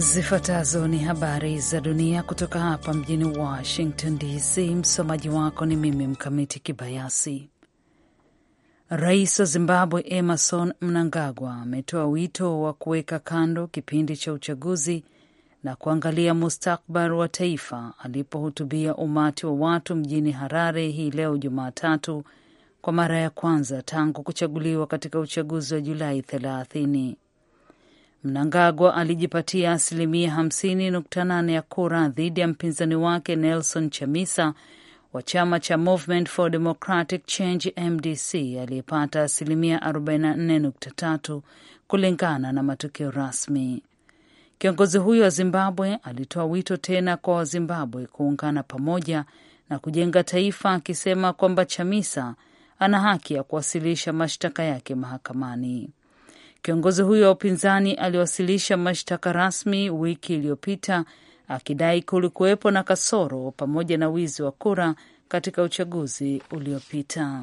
Zifuatazo ni habari za dunia kutoka hapa mjini Washington DC. Msomaji wako ni mimi Mkamiti Kibayasi. Rais wa Zimbabwe Emerson Mnangagwa ametoa wito wa kuweka kando kipindi cha uchaguzi na kuangalia mustakbar wa taifa alipohutubia umati wa watu mjini Harare hii leo Jumatatu, kwa mara ya kwanza tangu kuchaguliwa katika uchaguzi wa Julai thelathini. Mnangagwa alijipatia asilimia 50.8 ya kura dhidi ya mpinzani wake Nelson Chamisa wa chama cha Movement for Democratic Change MDC aliyepata asilimia 44.3 kulingana na matokeo rasmi. Kiongozi huyo wa Zimbabwe alitoa wito tena kwa Wazimbabwe kuungana pamoja na kujenga taifa, akisema kwamba Chamisa ana haki ya kuwasilisha mashtaka yake mahakamani. Kiongozi huyo wa upinzani aliwasilisha mashtaka rasmi wiki iliyopita akidai kulikuwepo na kasoro pamoja na wizi wa kura katika uchaguzi uliopita.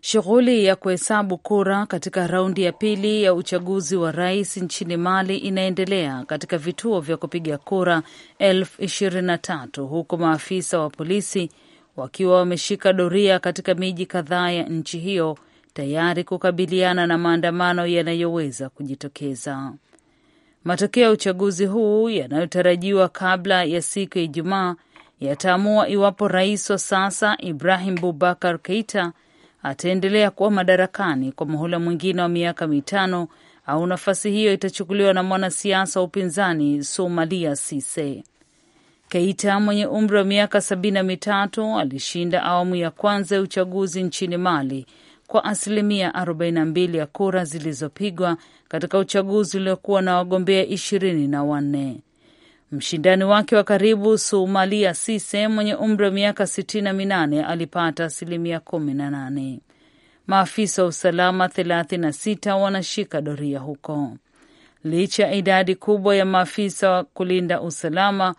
Shughuli ya kuhesabu kura katika raundi ya pili ya uchaguzi wa rais nchini Mali inaendelea katika vituo vya kupiga kura elfu ishirini na tatu huku maafisa wa polisi wakiwa wameshika doria katika miji kadhaa ya nchi hiyo tayari kukabiliana na maandamano yanayoweza kujitokeza. Matokeo ya uchaguzi huu yanayotarajiwa kabla ya siku ya Ijumaa yataamua iwapo rais wa sasa Ibrahim bubakar Keita ataendelea kuwa madarakani kwa muhula mwingine wa miaka mitano au nafasi hiyo itachukuliwa na mwanasiasa wa upinzani Somalia sise Keita mwenye umri wa miaka sabini na mitatu alishinda awamu ya kwanza ya uchaguzi nchini Mali kwa asilimia 42 ya kura zilizopigwa katika uchaguzi uliokuwa na wagombea ishirini na wanne. Mshindani wake wa karibu Sumalia Sise mwenye umri wa miaka 68 alipata asilimia 18. Maafisa wa usalama 36 wanashika doria huko. Licha ya idadi kubwa ya maafisa wa kulinda usalama,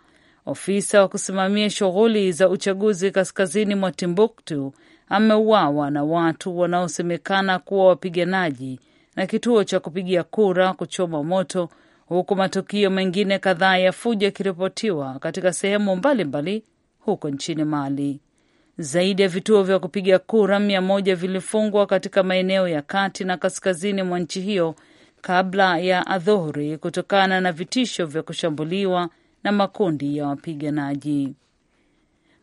ofisa wa kusimamia shughuli za uchaguzi kaskazini mwa Timbuktu ameuawa na watu wanaosemekana kuwa wapiganaji na kituo cha kupigia kura kuchoma moto, huku matukio mengine kadhaa ya fujo yakiripotiwa katika sehemu mbalimbali huko nchini Mali. Zaidi ya vituo vya kupiga kura mia moja vilifungwa katika maeneo ya kati na kaskazini mwa nchi hiyo kabla ya adhuhuri kutokana na vitisho vya kushambuliwa na makundi ya wapiganaji.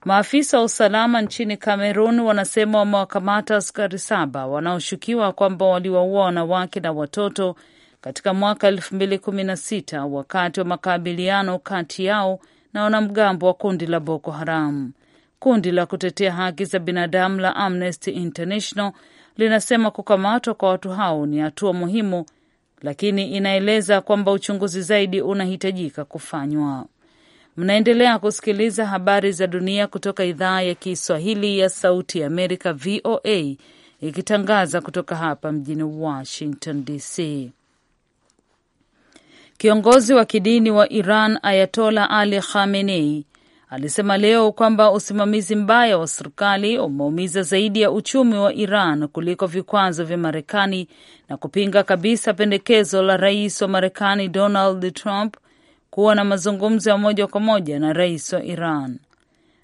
Maafisa wa usalama nchini Kamerun wanasema wamewakamata askari saba wanaoshukiwa kwamba waliwaua wanawake na watoto katika mwaka 2016 wakati wa makabiliano kati yao na wanamgambo wa kundi la Boko Haram. Kundi la kutetea haki za binadamu la Amnesty International linasema kukamatwa kwa watu hao ni hatua muhimu, lakini inaeleza kwamba uchunguzi zaidi unahitajika kufanywa. Mnaendelea kusikiliza habari za dunia kutoka idhaa ya Kiswahili ya Sauti ya Amerika, VOA, ikitangaza kutoka hapa mjini Washington DC. Kiongozi wa kidini wa Iran Ayatola Ali Khamenei alisema leo kwamba usimamizi mbaya wa serikali umeumiza zaidi ya uchumi wa Iran kuliko vikwazo vya Marekani na kupinga kabisa pendekezo la rais wa Marekani Donald Trump kuwa na mazungumzo ya moja kwa moja na rais wa Iran.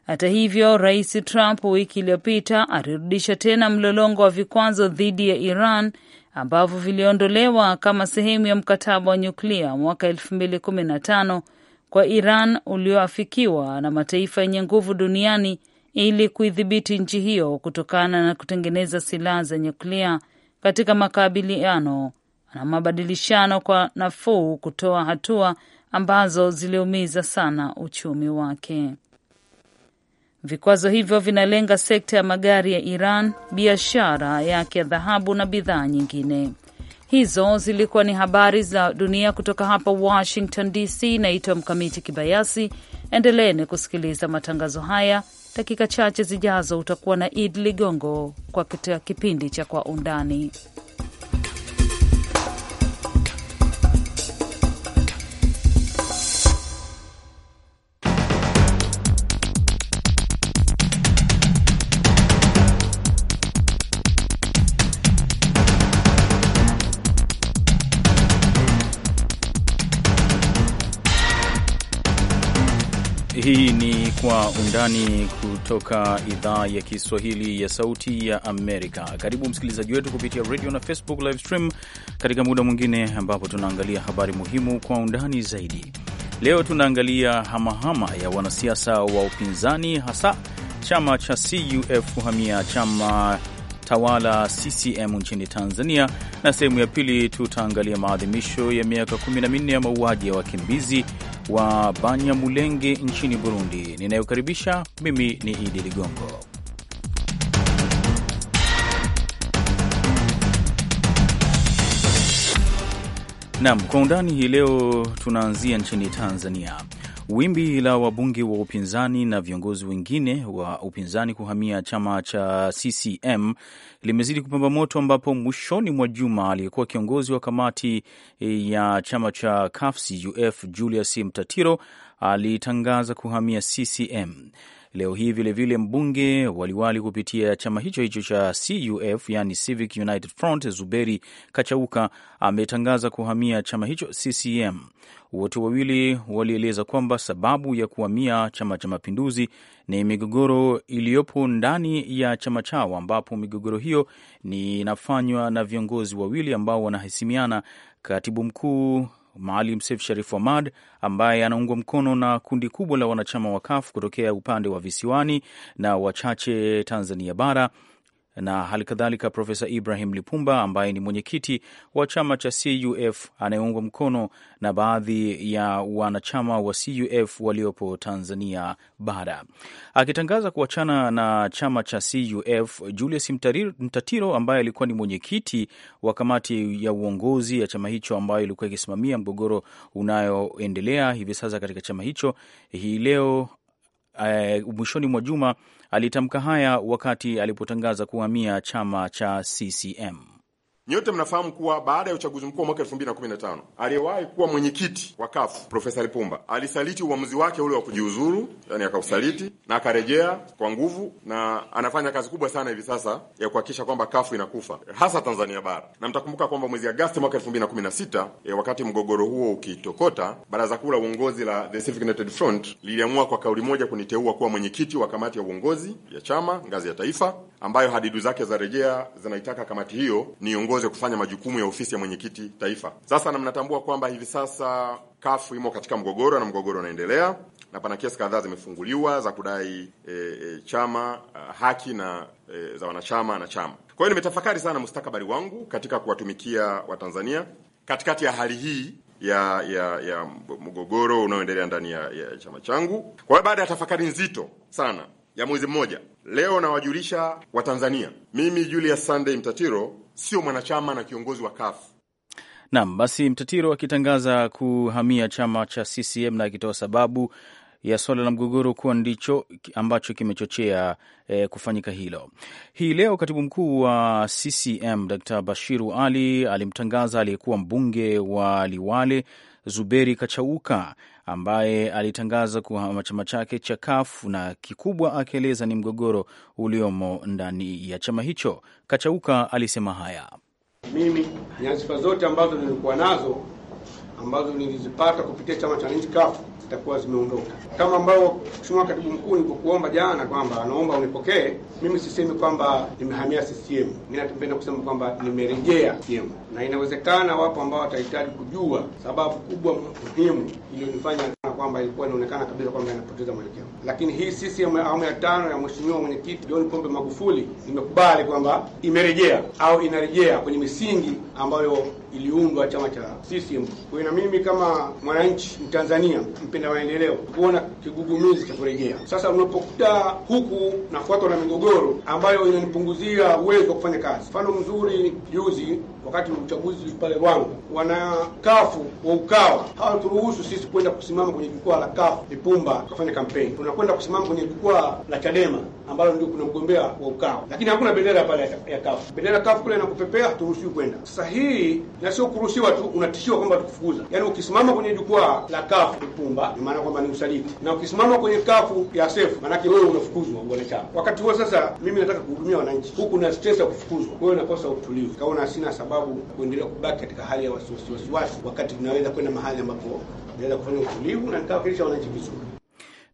Hata hivyo, rais Trump wiki iliyopita alirudisha tena mlolongo wa vikwazo dhidi ya Iran ambavyo viliondolewa kama sehemu ya mkataba wa nyuklia mwaka 215 kwa Iran ulioafikiwa na mataifa yenye nguvu duniani ili kuidhibiti nchi hiyo kutokana na kutengeneza silaha za nyuklia katika makabiliano na mabadilishano kwa nafuu, kutoa hatua ambazo ziliumiza sana uchumi wake. Vikwazo hivyo vinalenga sekta ya magari ya Iran, biashara yake ya dhahabu na bidhaa nyingine. Hizo zilikuwa ni habari za dunia kutoka hapa Washington DC. Naitwa Mkamiti Kibayasi. Endeleeni kusikiliza matangazo haya. Dakika chache zijazo utakuwa na Id Ligongo kwa kipindi cha Kwa Undani. Hii ni Kwa Undani kutoka idhaa ya Kiswahili ya Sauti ya Amerika. Karibu msikilizaji wetu kupitia radio na Facebook live stream katika muda mwingine ambapo tunaangalia habari muhimu kwa undani zaidi. Leo tunaangalia hamahama ya wanasiasa wa upinzani, hasa chama cha CUF kuhamia chama tawala CCM nchini Tanzania, na sehemu ya pili tutaangalia maadhimisho ya miaka 14 ya mauaji ya wakimbizi wa, banya Banyamulenge nchini Burundi. Ninayokaribisha mimi ni Idi Ligongo. Naam, kwa undani hii leo tunaanzia nchini Tanzania. Wimbi la wabunge wa upinzani na viongozi wengine wa upinzani kuhamia chama cha CCM limezidi kupamba moto, ambapo mwishoni mwa juma aliyekuwa kiongozi wa kamati e, ya chama cha CUF CUF Julius Mtatiro alitangaza kuhamia CCM. Leo hii vilevile mbunge waliwali kupitia chama hicho hicho cha CUF, yani Civic United Front, Zuberi Kachauka ametangaza kuhamia chama hicho CCM. Wote wawili walieleza kwamba sababu ya kuhamia Chama cha Mapinduzi ni migogoro iliyopo ndani ya chama chao, ambapo migogoro hiyo ni inafanywa na viongozi wawili ambao wanahesimiana, katibu mkuu Maalim Seif Sharif Hamad ambaye anaungwa mkono na kundi kubwa la wanachama wa KAF kutokea upande wa visiwani na wachache Tanzania bara na hali kadhalika Profesa Ibrahim Lipumba ambaye ni mwenyekiti wa chama cha CUF anayeungwa mkono na baadhi ya wanachama wa CUF waliopo Tanzania Bara. Akitangaza kuachana na chama cha CUF, Julius Mtatiro ambaye alikuwa ni mwenyekiti wa kamati ya uongozi ya chama hicho ambayo ilikuwa ikisimamia mgogoro unayoendelea hivi sasa katika chama hicho, hii leo Uh, mwishoni mwa juma Alitamka haya wakati alipotangaza kuhamia chama cha CCM. Nyote mnafahamu kuwa baada ya uchaguzi mkuu wa mwaka 2015 aliyewahi kuwa mwenyekiti wa CUF Profesa Lipumba alisaliti uamuzi wake ule wa kujiuzuru, yani akausaliti na akarejea kwa nguvu, na anafanya kazi kubwa sana hivi sasa ya kuhakikisha kwamba CUF inakufa hasa Tanzania bara. Na mtakumbuka kwamba mwezi Agosti mwaka 2016 e, eh, wakati mgogoro huo ukitokota, baraza kuu la uongozi la The Civic United Front liliamua kwa kauli moja kuniteua kuwa mwenyekiti wa kamati ya uongozi ya chama ngazi ya taifa ambayo hadidu zake za rejea zinaitaka kamati hiyo niongoze kufanya majukumu ya ofisi ya mwenyekiti taifa. Sasa na mnatambua kwamba hivi sasa kafu imo katika mgogoro na mgogoro unaendelea na pana kesi kadhaa zimefunguliwa za kudai e, e, chama e, haki na e, za wanachama na chama. Kwa hiyo nimetafakari sana mustakabali wangu katika kuwatumikia Watanzania katikati ya hali hii ya ya ya mgogoro unaoendelea ndani ya, ya chama changu. Kwa hiyo baada ya tafakari nzito sana ya mwezi mmoja Leo nawajulisha Watanzania, mimi Julius Sunday Mtatiro sio mwanachama na kiongozi wa CUF. Naam, basi Mtatiro akitangaza kuhamia chama cha CCM na akitoa sababu ya suala la mgogoro kuwa ndicho ambacho kimechochea e, kufanyika hilo. Hii leo katibu mkuu wa CCM Dr. Bashiru Ali alimtangaza aliyekuwa mbunge wa Liwale Zuberi Kachauka ambaye alitangaza kuhama chama chake cha kafu na kikubwa akieleza ni mgogoro uliomo ndani ya chama hicho. Kachauka alisema haya: mimi nyadhifa zote ambazo nilikuwa nazo ambazo nilizipata kupitia chama cha nchi kafu zitakuwa zimeondoka, kama ambavyo Mheshimiwa Katibu Mkuu nilipokuomba jana kwamba anaomba unipokee. Mimi sisemi kwamba nimehamia CCM, mimi kusema kwamba nimerejea CCM, na inawezekana wapo ambao watahitaji kujua sababu kubwa muhimu iliyonifanya kwamba ilikuwa inaonekana kabisa kwamba inapoteza mwelekeo, lakini hii CCM ya awamu ya tano ya Mheshimiwa Mwenyekiti John Pombe Magufuli imekubali kwamba imerejea au inarejea kwenye misingi ambayo iliundwa chama cha CCM. Kwa hiyo na mimi kama mwananchi Mtanzania mpenda maendeleo kuona kigugumizi cha kurejea. Sasa unapokuta huku na kwako na migogoro ambayo inanipunguzia uwezo wa kufanya kazi. Mfano mzuri juzi, wakati wa uchaguzi pale Rwanda, wana kafu wa Ukawa hawaturuhusu sisi kwenda kusimama kwenye jukwaa la kafu Lipumba tukafanya kampeni, tunakwenda kusimama kwenye jukwaa la Chadema ambalo ndio kuna mgombea wa Ukawa, lakini hakuna bendera pale ya kafu. Bendera kafu kule inakupepea, turuhusu kwenda. Sasa hii na sio kuruhusiwa tu, unatishiwa kwamba tukufukuza. Yaani ukisimama kwenye jukwaa la kafu Lipumba, ni maana kwamba ni usaliti, na ukisimama kwenye kafu ya sefu, maanake wewe unafukuzwa wanachama. Wakati huo sasa, mimi nataka kuhudumia wananchi, huku na stress ya kufukuzwa, hiyo nakosa utulivu. Kaona sina sababu kuendelea kubaki katika hali ya wasiwasiwasi, wakati tunaweza kwenda mahali ambapo naweza kufanya utulivu na nikawakilisha wananchi vizuri.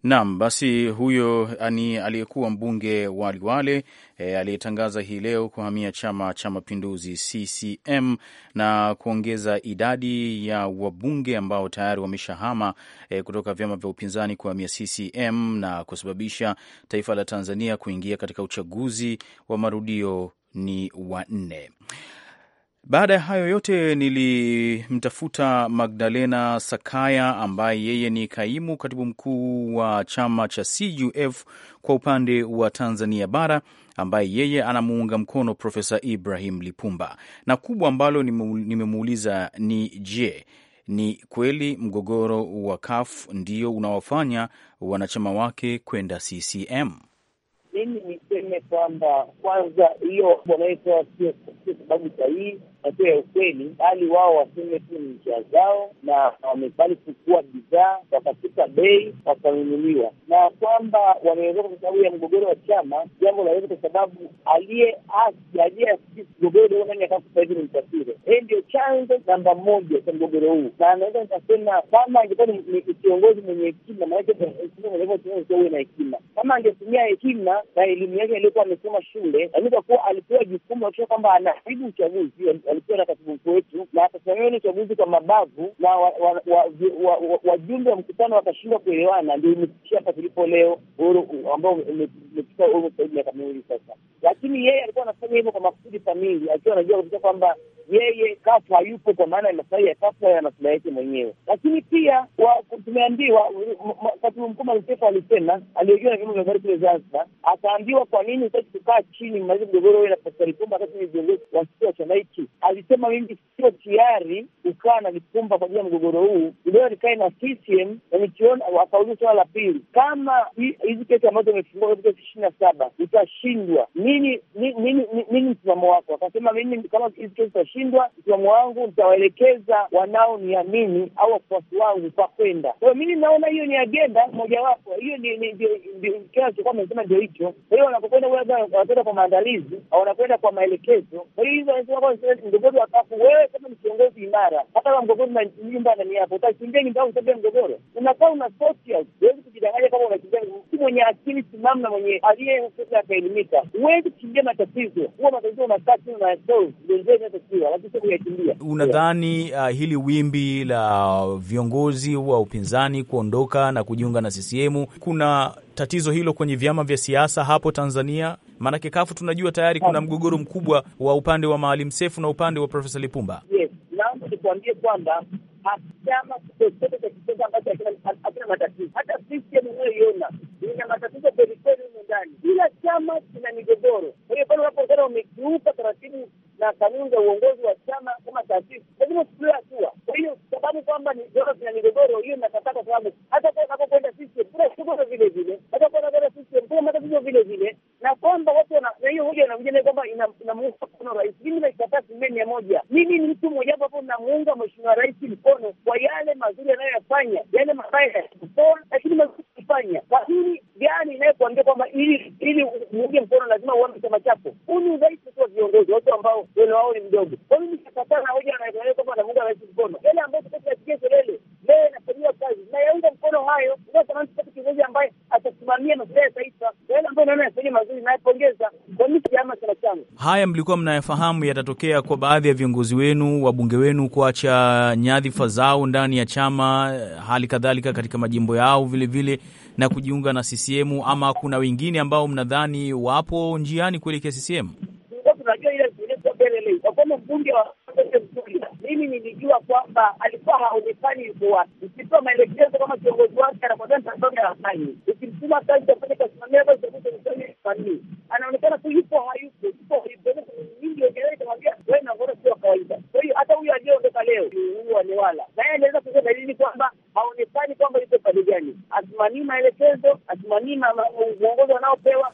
Naam, basi huyo ni aliyekuwa mbunge wa Liwale e, aliyetangaza hii leo kuhamia Chama cha Mapinduzi CCM na kuongeza idadi ya wabunge ambao tayari wameshahama e, kutoka vyama vya upinzani kuhamia CCM na kusababisha taifa la Tanzania kuingia katika uchaguzi wa marudio ni wanne. Baada ya hayo yote nilimtafuta Magdalena Sakaya ambaye yeye ni kaimu katibu mkuu wa chama cha CUF kwa upande wa Tanzania bara ambaye yeye anamuunga mkono Profesa Ibrahim Lipumba, na kubwa ambalo nimemuuliza ni je, ni kweli mgogoro wa CUF ndio unawafanya wanachama wake kwenda CCM? Mimi niseme kwamba kwanza hiyo wanaitoa sio sababu sahihi wapatie ya ukweli, bali wao waseme tu ni njia zao, na wamekubali kuchukua bidhaa, wakasuka bei, wakanunuliwa, na kwamba wameondoka kwa sababu ya mgogoro wa chama. Jambo laweza kwa sababu aliyeasi mgogoro ulio ndani ya sasa hivi ni Msafiri. Hii ndio chanzo namba moja cha mgogoro huu, na anaweza nikasema kama angekuwa ni kiongozi mwenye hekima, maanake uwe na hekima, kama angetumia hekima na elimu yake aliyokuwa amesoma shule, lakini kwa kuwa alipewa jukumu akisha kwamba anaharibu uchaguzi alikuwa na katibu mkuu wetu na akasimamia ni uchaguzi kwa mabavu, na wajumbe wa mkutano wakashindwa kuelewana, ndio imefikia hapa tulipo leo, ambao umechukua uhuru zaidi miaka miwili sasa. Lakini yeye alikuwa anafanya hivyo kwa makusudi kamili, akiwa anajua kabisa kwamba yeye kafu hayupo kwa maana ya maslahi ya kafu ya maslahi yake mwenyewe. Lakini pia tumeambiwa, katibu mkuu Malisefu alisema aliojua na vyombo vya habari kule Zanzibar, akaambiwa kwa nini hutaki kukaa chini mmalize mgogoro wewe na Paskari Kumba wakati ni viongozi wa chama hiki alisema wengi sio tayari kukaa na Lipumba kwa ajili ya mgogoro huu, leo likae na CCM na nikiona, akauliza swala la pili, kama hizi kesi ambazo imefungua kesi ishirini na saba itashindwa, nini nini msimamo wako? Akasema mimi kama hizi kesi itashindwa, msimamo wangu nitawaelekeza wanaoniamini au wafuasi wangu pa kwenda. Kwa hiyo mimi naona hiyo ni agenda mojawapo, hiyo chokuwa amesema ndio hicho. Kwa hiyo wanapokwenda wanakwenda kwa maandalizi, wanakwenda kwa maelekezo, kwa hiyo hizo mgogoro wakafu wewe kama ni kiongozi imara, hata kama mgogoro na nyumba ndani yako, utakimbia nyumba yako utabia mgogoro? Unakaa una huwezi kujidanganya kama unakimbia. Mtu mwenye akili timamu na mwenye aliyea akaelimika, huwezi kukimbia matatizo. Huwa matatizo unakaa chini na ndio inayotakiwa, lakini sio kuyakimbia. Unadhani uh, hili wimbi la viongozi wa upinzani kuondoka na kujiunga na CCM kuna tatizo hilo kwenye vyama vya siasa hapo Tanzania? Maanake kafu tunajua tayari kuna mgogoro mkubwa wa upande wa Maalim Seif na upande wa Profesa Lipumba. naomba nikuambie kwamba chama chochote cha kisiasa ambacho hakina matatizo, hata system unayoiona ina matatizo kwelikweli humo ndani, kila chama kina migogoro. Kwa hiyo pale unapoona umekiuka taratibu na kanuni za uongozi wa chama kama taasisi, lazima uchukuliwe hatua. Kwa hiyo sababu kwamba ni vyama vina migogoro hiyo inakataa, kwa sababu hata unapokwenda system kuna migogoro vile vile, hata unapokwenda system kuna matatizo vile vile na kwamba watu na hiyo hoja inakuja ni kwamba inamuunga mkono rais. Mimi naikataa asilimia mia moja. Mimi ni mtu mmojawapo hapo namuunga mheshimiwa rais mkono kwa yale mazuri anayoyafanya, yale mabaya yatupoa, lakini mazuri anayofanya. Kwa nini gani inayekuambia kwamba ili ili muunge mkono lazima uame chama chako? Huu ni udhaifu tu wa viongozi, watu ambao uelewa wao ni mdogo. Kwa mimi nikataa na hoja anayotoa kwamba namuunga rais mkono, yale ambayo tukapiga kelele leo inafanyiwa kazi, nayaunga mkono hayo, ndio tamani tupate kiongozi ambaye kusimamia masuala ya taifa, yale ambayo naona mazuri, nayapongeza chama changu. Haya mlikuwa mnayafahamu yatatokea kwa baadhi ya viongozi wenu, wabunge wenu kuacha nyadhifa zao ndani ya chama, hali kadhalika katika majimbo yao vilevile na kujiunga na CCM, ama kuna wengine ambao mnadhani wapo njiani kuelekea CCM? Tunajua ile mimi, kwa mbunge wa mimi nilijua kwamba alikuwa haonekani yuko wapi. Ukipewa maelekezo kama kiongozi wake anakwambia nitafanya hafanyi, ukimtuma kazi afanye kasimamia kazi afanye, anaonekana tu yupo hayupo, yupo hayupo, nyingi wenyewe itamwambia wee, na sio kawaida. Kwa hiyo hata huyu aliyeondoka leo huyu aliwala naye anaweza kutoa dalili kwamba haonekani kwamba yuko pande gani, asimamii maelekezo, asimamii uongozi wanaopewa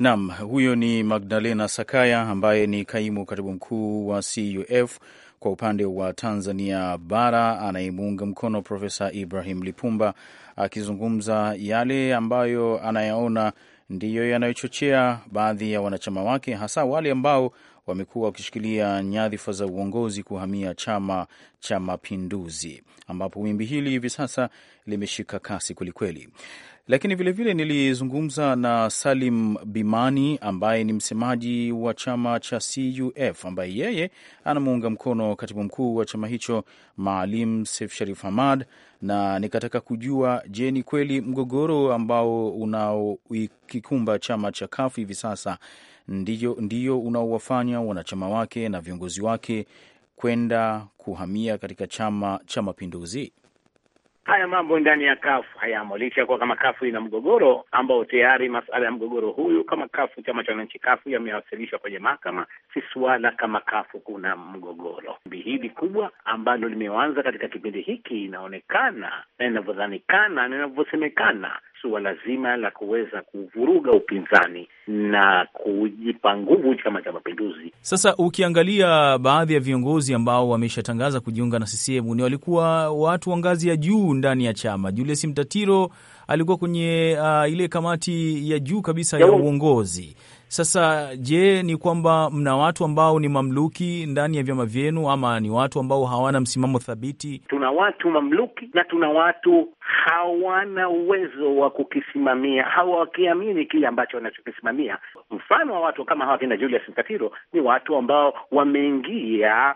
Naam, huyo ni Magdalena Sakaya ambaye ni kaimu katibu mkuu wa CUF kwa upande wa Tanzania bara anayemuunga mkono Profesa Ibrahim Lipumba akizungumza yale ambayo anayaona ndiyo yanayochochea baadhi ya wanachama wake hasa wale ambao wamekuwa wakishikilia nyadhifa za uongozi kuhamia Chama cha Mapinduzi, ambapo wimbi hili hivi sasa limeshika kasi kwelikweli. Lakini vilevile nilizungumza na Salim Bimani ambaye ni msemaji wa chama cha CUF ambaye yeye anamuunga mkono katibu mkuu wa chama hicho Maalim Seif Sharif Hamad, na nikataka kujua, je, ni kweli mgogoro ambao unaokikumba chama cha kafu hivi sasa ndiyo, ndiyo unaowafanya wanachama wake na viongozi wake kwenda kuhamia katika chama cha Mapinduzi? haya mambo ndani ya kafu hayamo, licha ya kuwa kama kafu ina mgogoro ambao tayari masala ya mgogoro huyu, kama kafu, chama cha wananchi kafu yamewasilishwa kwenye mahakama, si suala kama kafu kuna mgogoro. Hili kubwa ambalo limeanza katika kipindi hiki, inaonekana na inavyodhanikana na inavyosemekana suala zima la kuweza kuvuruga upinzani na kujipa nguvu Chama cha Mapinduzi. Sasa ukiangalia baadhi ya viongozi ambao wameshatangaza kujiunga na CCM ni walikuwa watu wa ngazi ya juu ndani ya chama. Julius Mtatiro alikuwa kwenye uh, ile kamati ya juu kabisa ya, ya uongozi sasa je, ni kwamba mna watu ambao ni mamluki ndani ya vyama vyenu ama ni watu ambao hawana msimamo thabiti? Tuna watu mamluki na tuna watu hawana uwezo wa kukisimamia, hawakiamini kile ambacho wanachokisimamia. Mfano wa watu kama hawa kina Julius Mkatiro ni watu ambao wameingia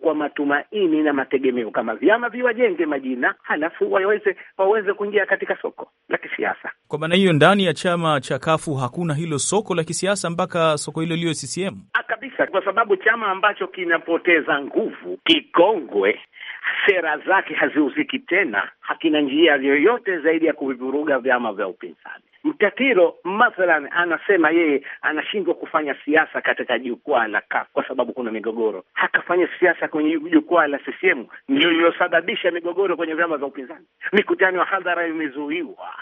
kwa matumaini na mategemeo kama vyama viwajenge majina, halafu waweze waweze kuingia katika soko la kisiasa. Kwa maana hiyo, ndani ya chama cha Kafu hakuna hilo soko la kisiasa kisiasa mpaka soko hilo liyo CCM ah, kabisa, kwa sababu chama ambacho kinapoteza nguvu kikongwe sera zake haziuziki tena, hakina njia yoyote zaidi ya kuvivuruga vyama vya upinzani. Mtatiro mathalan anasema yeye anashindwa kufanya siasa katika jukwaa la CUF kwa sababu kuna migogoro. Hakafanya siasa kwenye jukwaa la CCM, ndio iliyosababisha migogoro kwenye vyama vya upinzani. Mikutano ya hadhara imezuiwa,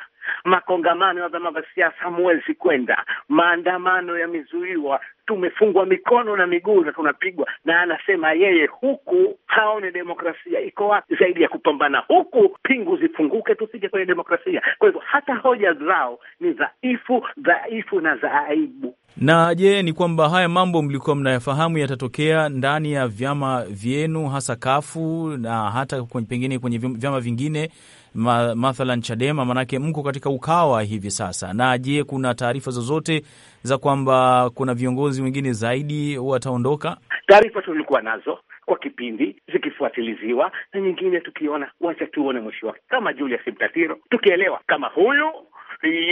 makongamano ya vyama vya siasa hamwezi kwenda, maandamano yamezuiwa, tumefungwa mikono na miguu na tunapigwa. Na anasema yeye huku haone demokrasia iko wapi zaidi ya kupambana huku, pingu zifunguke, tufike kwenye demokrasia. Kwa hivyo hata hoja zao ni dhaifu, dhaifu na za aibu. Na je, ni kwamba haya mambo mlikuwa mnayafahamu yatatokea ndani ya vyama vyenu, hasa kafu na hata kwenye, pengine kwenye vyama vingine ma, mathalan Chadema, maanake mko katika Ukawa hivi sasa. Na je, kuna taarifa zozote za kwamba kuna viongozi wengine zaidi wataondoka? Taarifa tulikuwa nazo kwa kipindi zikifuatiliziwa na nyingine tukiona, wacha tuone mwisho wake, kama Julius Mtatiro tukielewa kama huyu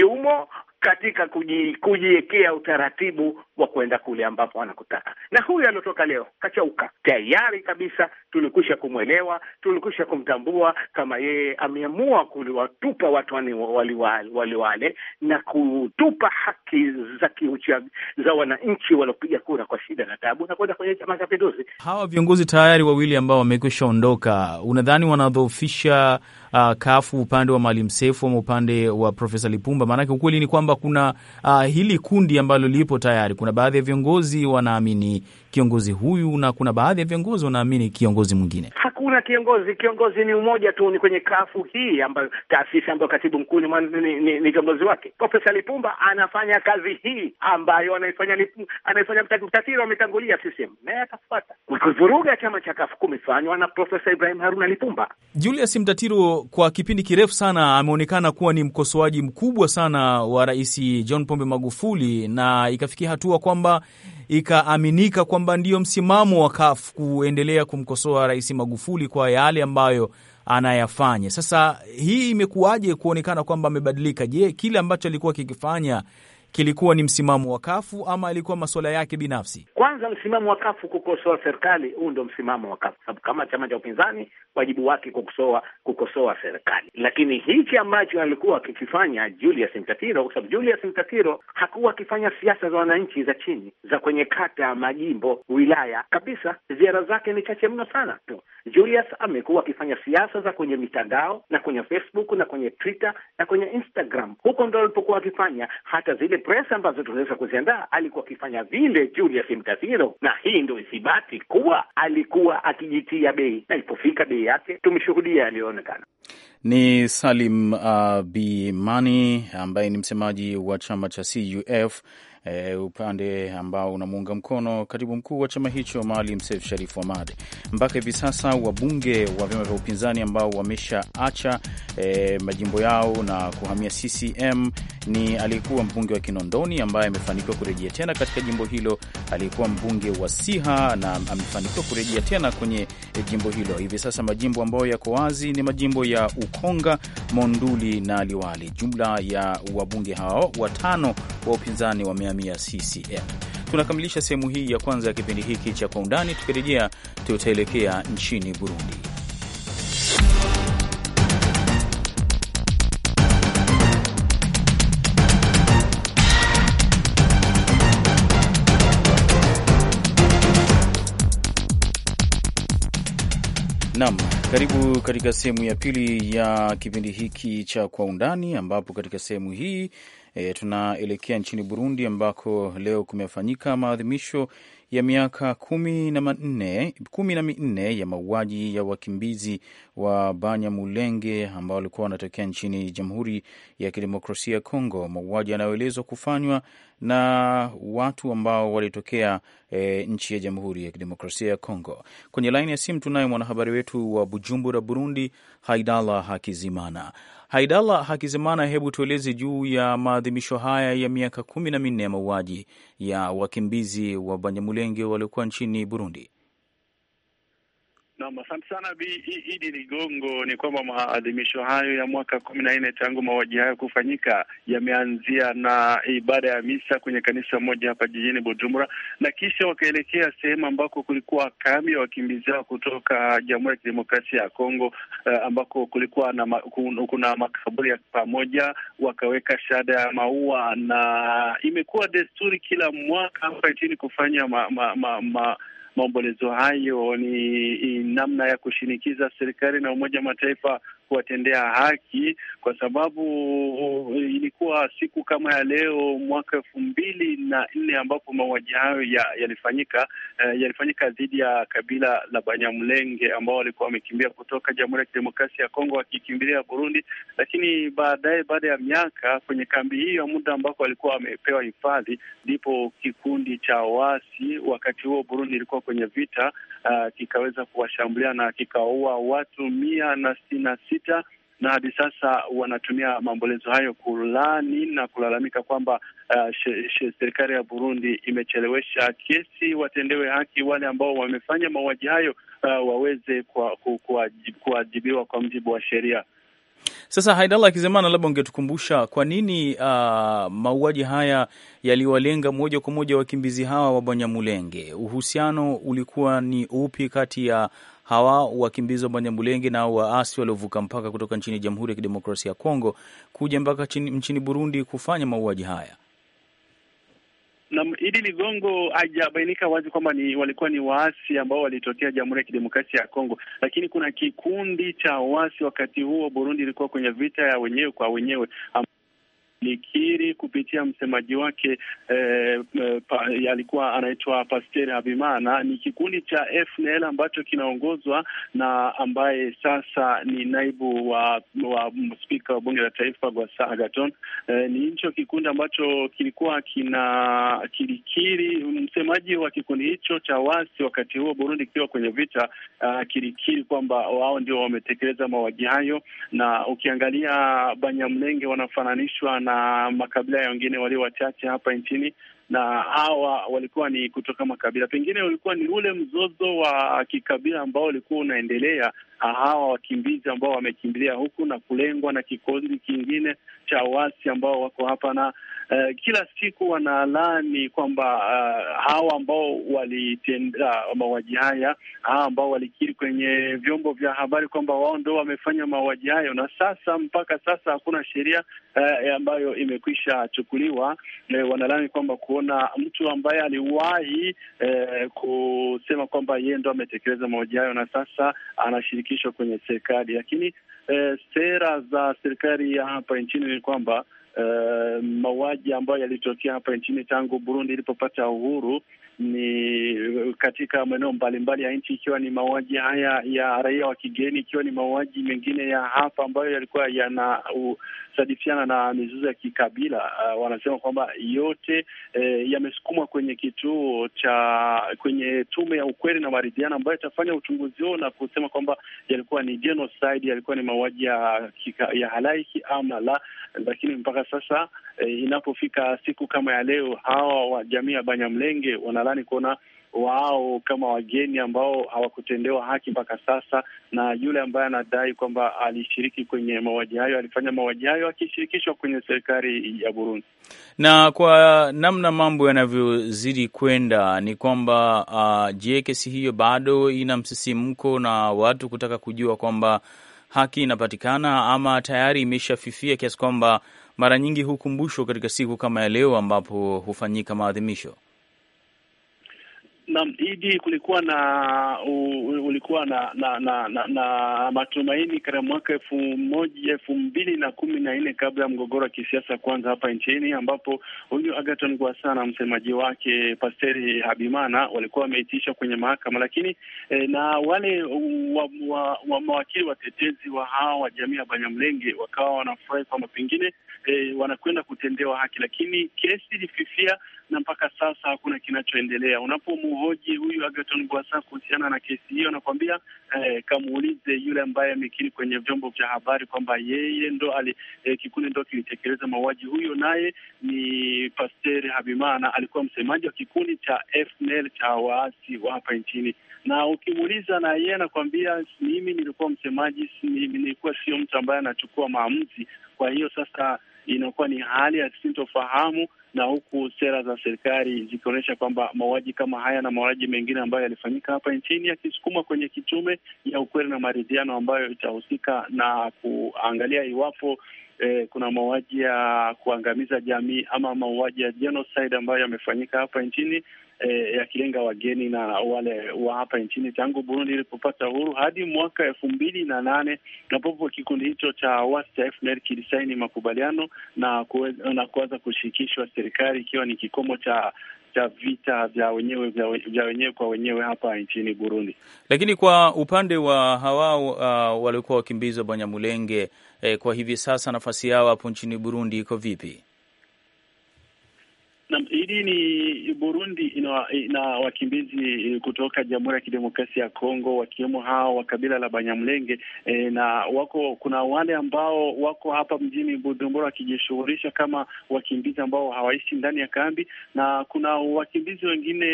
yumo katika kujiwekea utaratibu wa kwenda kule ambapo anakutaka. Na huyu aliotoka leo kachauka tayari kabisa, tulikwisha kumwelewa, tulikwisha kumtambua kama yeye ameamua kuliwatupa watu waliwale na kutupa haki za kiucha za wananchi waliopiga kura kwa shida na tabu na kwenda kwenye Chama cha Mapinduzi. Hawa viongozi tayari wawili ambao wamekwisha ondoka, unadhani wanadhoofisha uh, kafu upande wa Maalim Sefu ama upande wa Profesa Lipumba? Maanake ukweli ni kwamba kuna uh, hili kundi ambalo lipo tayari, kuna baadhi ya viongozi wanaamini kiongozi huyu, na kuna baadhi ya viongozi wanaamini kiongozi mwingine. Hakuna kiongozi, kiongozi ni umoja tu, ni kwenye kafu hii ambayo taasisi ambayo katibu mkuu ni, ni, ni, ni kiongozi wake. Profesa Lipumba anafanya kazi hii ambayo anaifanya anaifanya mtatiri wametangulia CCM naye akafuata kuvuruga chama cha kafu kumefanywa na Profesa Ibrahim Haruna Lipumba. Julius Mtatiro kwa kipindi kirefu sana ameonekana kuwa ni mkosoaji mkubwa sana wa Rais John Pombe Magufuli na ikafikia hatua kwamba ikaaminika kwamba ndiyo msimamo wa CUF kuendelea kumkosoa Rais Magufuli kwa yale ambayo anayafanya. Sasa hii imekuwaje kuonekana kwamba amebadilika? Je, kile ambacho alikuwa kikifanya kilikuwa ni msimamo wa kafu ama alikuwa masuala yake binafsi? Kwanza, msimamo wa kafu kukosoa serikali, huu ndio msimamo wa kafu, sababu kama chama cha upinzani wajibu wake kukosoa kukosoa serikali, lakini hichi ambacho alikuwa akikifanya Julius Mtatiro, kwa sababu Julius Mtatiro hakuwa akifanya siasa za wananchi za chini za kwenye kata, majimbo, wilaya kabisa. Ziara zake ni chache mno sana tu. Julius amekuwa akifanya siasa za kwenye mitandao na kwenye Facebook na kwenye Twitter na kwenye Instagram, huko ndo alipokuwa akifanya hata zile zile press ambazo tunaweza kuziandaa, alikuwa akifanya vile Julius Mtatiro, na hii ndio ithibati kuwa alikuwa akijitia bei, na ilipofika bei yake tumeshuhudia yaliyoonekana. Ni Salim uh, Bimani ambaye ni msemaji wa chama cha CUF e, upande ambao unamuunga mkono katibu mkuu wa chama hicho Maalim Seif Sharif Hamad. Mpaka hivi sasa wabunge wa vyama vya upinzani ambao wameshaacha e, majimbo yao na kuhamia CCM ni aliyekuwa mbunge wa Kinondoni ambaye amefanikiwa kurejea tena katika jimbo hilo, aliyekuwa mbunge wa Siha na amefanikiwa kurejea tena kwenye e, jimbo hilo. Hivi sasa majimbo ambayo yako wazi ni majimbo ya Ukonga, Monduli na Liwali. Jumla ya wabunge hao watano wa upinzani wamea Samia CCM. Tunakamilisha sehemu hii ya kwanza ya kipindi hiki cha Kwa Undani. Tukirejea tutaelekea nchini Burundi. nam karibu katika sehemu ya pili ya kipindi hiki cha Kwa Undani, ambapo katika sehemu hii e, tunaelekea nchini Burundi ambako leo kumefanyika maadhimisho ya miaka kumi na manne, kumi na minne ya mauaji ya wakimbizi wa Banyamulenge ambao walikuwa wanatokea nchini Jamhuri ya Kidemokrasia ya Kongo, mauaji yanayoelezwa kufanywa na watu ambao walitokea e, nchi ya Jamhuri ya Kidemokrasia ya Kongo. Kwenye laini ya simu tunaye mwanahabari wetu wa Bujumbura, Burundi, Haidala Hakizimana. Haidala Hakizimana, hebu tueleze juu ya maadhimisho haya ya miaka kumi na minne ya mauaji ya wakimbizi wa Banyamulenge waliokuwa nchini Burundi. Naam, asante sana Bi Idi Ligongo. Ni kwamba maadhimisho hayo ya mwaka kumi na nne tangu mauaji hayo kufanyika yameanzia na ibada ya misa kwenye kanisa moja hapa jijini Bujumbura, na kisha wakaelekea sehemu ambako kulikuwa kambi ya wakimbizi hao kutoka Jamhuri ya Kidemokrasia ya Kongo, uh, ambako kulikuwa na ma, kuna makaburi ya pamoja, wakaweka shada ya maua, na imekuwa desturi kila mwaka hapa nchini kufanya ma, ma, ma, ma Maombolezo hayo ni namna ya kushinikiza serikali na Umoja wa Mataifa kuwatendea haki, kwa sababu eh, ilikuwa siku kama ya leo mwaka elfu mbili na nne ambapo mauaji hayo yalifanyika ya eh, yalifanyika dhidi ya kabila la Banyamulenge ambao walikuwa wamekimbia kutoka Jamhuri ya Kidemokrasia ya Kongo wakikimbilia Burundi, lakini baadaye, baada ya miaka, kwenye kambi hiyo ya muda ambako walikuwa wamepewa hifadhi, ndipo kikundi cha waasi, wakati huo Burundi ilikuwa kwenye vita uh, kikaweza kuwashambulia na kikaua watu mia na sitini na sita sita na hadi sasa wanatumia maombolezo hayo kulani na kulalamika kwamba uh, serikali ya Burundi imechelewesha kesi, watendewe haki wale ambao wamefanya mauaji hayo, uh, waweze kuadhibiwa kwa mujibu wa sheria. Sasa Haidala Kizemana, labda ungetukumbusha kwa nini uh, mauaji haya yaliwalenga moja kwa moja wakimbizi hawa wa Banyamulenge? Uhusiano ulikuwa ni upi kati ya hawa wakimbizi wa Banyamulenge na waasi waliovuka mpaka kutoka nchini Jamhuri ya Kidemokrasia ya Kongo kuja mpaka nchini Burundi kufanya mauaji haya? Naam, Ligongo, haijabainika wazi kwamba ni walikuwa ni waasi ambao walitokea Jamhuri ya Kidemokrasia ya Kongo, lakini kuna kikundi cha waasi wakati huo Burundi ilikuwa kwenye vita ya wenyewe kwa wenyewe Am likiri kupitia msemaji wake eh, eh alikuwa anaitwa Pasteri Habimana. Ni kikundi cha FNL ambacho kinaongozwa na ambaye sasa ni naibu wa, wa spika wa bunge la taifa Gwasa Agaton. Eh, ni hicho kikundi ambacho kilikuwa kina kilikiri, msemaji wa kikundi hicho cha wasi wakati huo Burundi ikiwa kwenye vita uh, kilikiri kwamba wao ndio wametekeleza mauaji hayo, na ukiangalia Banyamlenge wanafananishwa na makabila makabila wengine walio wachache hapa nchini, na hawa walikuwa ni kutoka makabila, pengine ulikuwa ni ule mzozo wa kikabila ambao ulikuwa unaendelea Ah, hawa wakimbizi ambao wamekimbilia huku na kulengwa na kikundi kingine cha wasi ambao wako hapa na uh, kila siku wanalaani kwamba uh, hawa ambao walitenda ah, mauaji haya, hawa ambao walikiri kwenye vyombo vya habari kwamba wao ndo wamefanya mauaji hayo, na sasa mpaka sasa hakuna sheria uh, ambayo imekwisha chukuliwa. Uh, wanalaani kwamba kuona mtu ambaye aliwahi uh, kusema kwamba yeye ndo ametekeleza mauaji hayo na sasa anashiriki kufikishwa kwenye serikali, lakini eh, sera za serikali ya hapa nchini ni kwamba eh, mauaji ambayo yalitokea hapa nchini tangu Burundi ilipopata uhuru ni eh, katika maeneo mbalimbali ya nchi, ikiwa ni mauaji haya ya raia wa kigeni, ikiwa ni mauaji mengine ya hapa ambayo yalikuwa yanasadifiana na mizuzu ya kikabila. Uh, wanasema kwamba yote eh, yamesukumwa kwenye kituo cha kwenye tume ya ukweli na maridhiano ambayo itafanya uchunguzi huo na kusema kwamba yalikuwa ni genocide, yalikuwa ni mauaji ya, ya halaiki ama la, lakini mpaka sasa e, inapofika siku kama ya leo, hawa wa jamii ya Banyamlenge wanalani kuona wao kama wageni ambao hawakutendewa haki mpaka sasa, na yule ambaye anadai kwamba alishiriki kwenye mauaji hayo, alifanya mauaji hayo akishirikishwa kwenye serikali ya Burundi. Na kwa namna mambo yanavyozidi kwenda ni kwamba uh, je, kesi hiyo bado ina msisimko na watu kutaka kujua kwamba haki inapatikana ama tayari imeshafifia kiasi kwamba mara nyingi hukumbushwa katika siku kama ya leo ambapo hufanyika maadhimisho. Naam, Idi, kulikuwa na ulikuwa na na, na, na, na matumaini katika mwaka elfu moja elfu mbili na kumi na nne kabla ya mgogoro wa kisiasa kuanza hapa nchini, ambapo huyu agaton guasana msemaji wake Pasteri Habimana walikuwa wameitisha kwenye mahakama, lakini eh, na wale wa, wa, wa mawakili watetezi wa hawa wa jamii ya Banyamlenge wakawa wanafurahi kwamba pengine e, wanakwenda kutendewa haki, lakini kesi ilififia na mpaka sasa hakuna kinachoendelea. Unapomhoji huyu Agaton Rwasa kuhusiana na kesi hiyo, anakuambia eh, kamuulize yule ambaye amekiri kwenye vyombo vya habari kwamba yeye ndo ali, eh, kikundi ndo kilitekeleza mauaji. Huyo naye ni paster Habimana, alikuwa msemaji wa kikundi cha FNL cha waasi wa hapa nchini, na ukimuuliza na yeye anakuambia mimi nilikuwa msemaji, nilikuwa sio mtu ambaye anachukua maamuzi kwa hiyo sasa inakuwa ni hali ya sintofahamu, na huku sera za serikali zikionyesha kwamba mauaji kama haya na mauaji mengine ambayo yalifanyika hapa nchini yakisukuma kwenye kitume ya ukweli na maridhiano ambayo itahusika na kuangalia iwapo Eh, kuna mauaji ya kuangamiza jamii ama mauaji ya genocide ambayo yamefanyika hapa nchini, eh, yakilenga wageni na wale wa hapa nchini tangu Burundi ilipopata uhuru hadi mwaka elfu mbili na nane ambapo kikundi hicho cha wasi cha FNL kilisaini makubaliano na kuweza na na kushirikishwa serikali ikiwa ni kikomo cha cha vita vya wenyewe vya wenyewe kwa wenyewe hapa nchini Burundi. Lakini kwa upande wa hawao uh, waliokuwa wakimbizi wa Banyamulenge eh, kwa hivi sasa nafasi yao hapo nchini Burundi iko vipi? Na, zaidi ni Burundi ina, ina wakimbizi eh, kutoka Jamhuri ya Kidemokrasia ya Kongo wakiwemo hao wa kabila la banyamlenge e, eh, na wako kuna wale ambao wako hapa mjini Bujumbura wakijishughulisha kama wakimbizi ambao hawaishi ndani ya kambi, na kuna wakimbizi wengine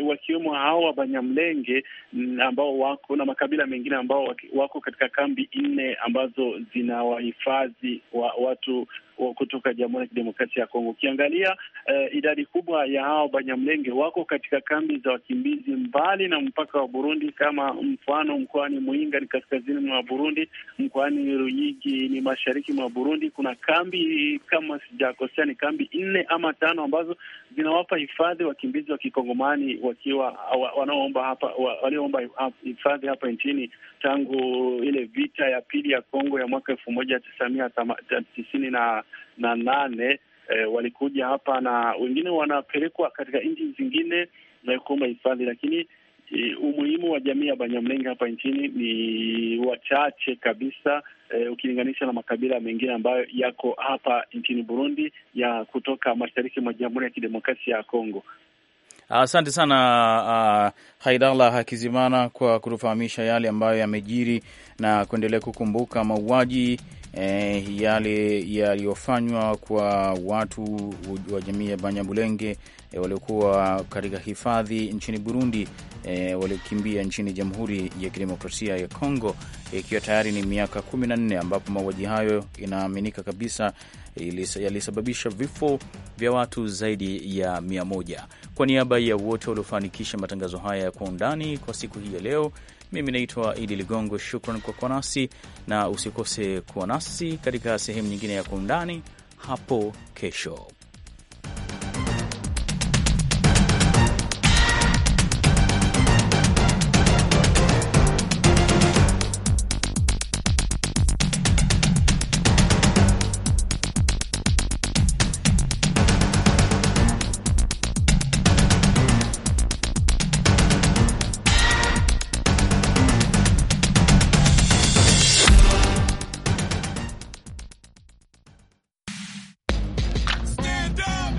wakiwemo hao wa banyamlenge mm, ambao wako na makabila mengine ambao wako katika kambi nne ambazo zina wahifadhi wa watu kutoka Jamhuri ya Kidemokrasia ya Kongo. Ukiangalia uh, idadi kuu makubwa ya hao Banyamlenge wako katika kambi za wakimbizi mbali na mpaka wa Burundi, kama mfano mkoani Muinga ni kaskazini mwa Burundi, mkoani Ruyigi ni mashariki mwa Burundi. Kuna kambi kama sijakosea, ni kambi nne ama tano ambazo zinawapa hifadhi wakimbizi wa kikongomani wakiwa wanaoomba hapa walioomba hifadhi hapa nchini tangu ile vita ya pili ya Kongo ya mwaka elfu moja tisa mia tisini na nane e, walikuja hapa na wengine wanapelekwa katika nchi zingine na kuomba hifadhi, lakini e, umuhimu wa jamii ya Banyamlenge hapa nchini ni wachache kabisa e, ukilinganisha na makabila mengine ambayo yako hapa nchini Burundi ya kutoka mashariki mwa Jamhuri ya Kidemokrasia ya Kongo. Asante sana uh, Haidala Hakizimana kwa kutufahamisha yale ambayo yamejiri na kuendelea kukumbuka mauaji eh, yale yaliyofanywa kwa watu wa jamii ya Banyamulenge eh, waliokuwa katika hifadhi nchini Burundi eh, waliokimbia nchini Jamhuri ya Kidemokrasia ya Kongo ikiwa eh, tayari ni miaka 14 ambapo mauaji hayo inaaminika kabisa eh, yalisababisha vifo vya watu zaidi ya mia moja. Kwa niaba ya wote waliofanikisha matangazo haya ya kwa undani kwa siku hii ya leo mimi naitwa Idi Ligongo, shukran kwa kuwa nasi na usikose kuwa nasi katika sehemu nyingine ya Kwa Undani hapo kesho.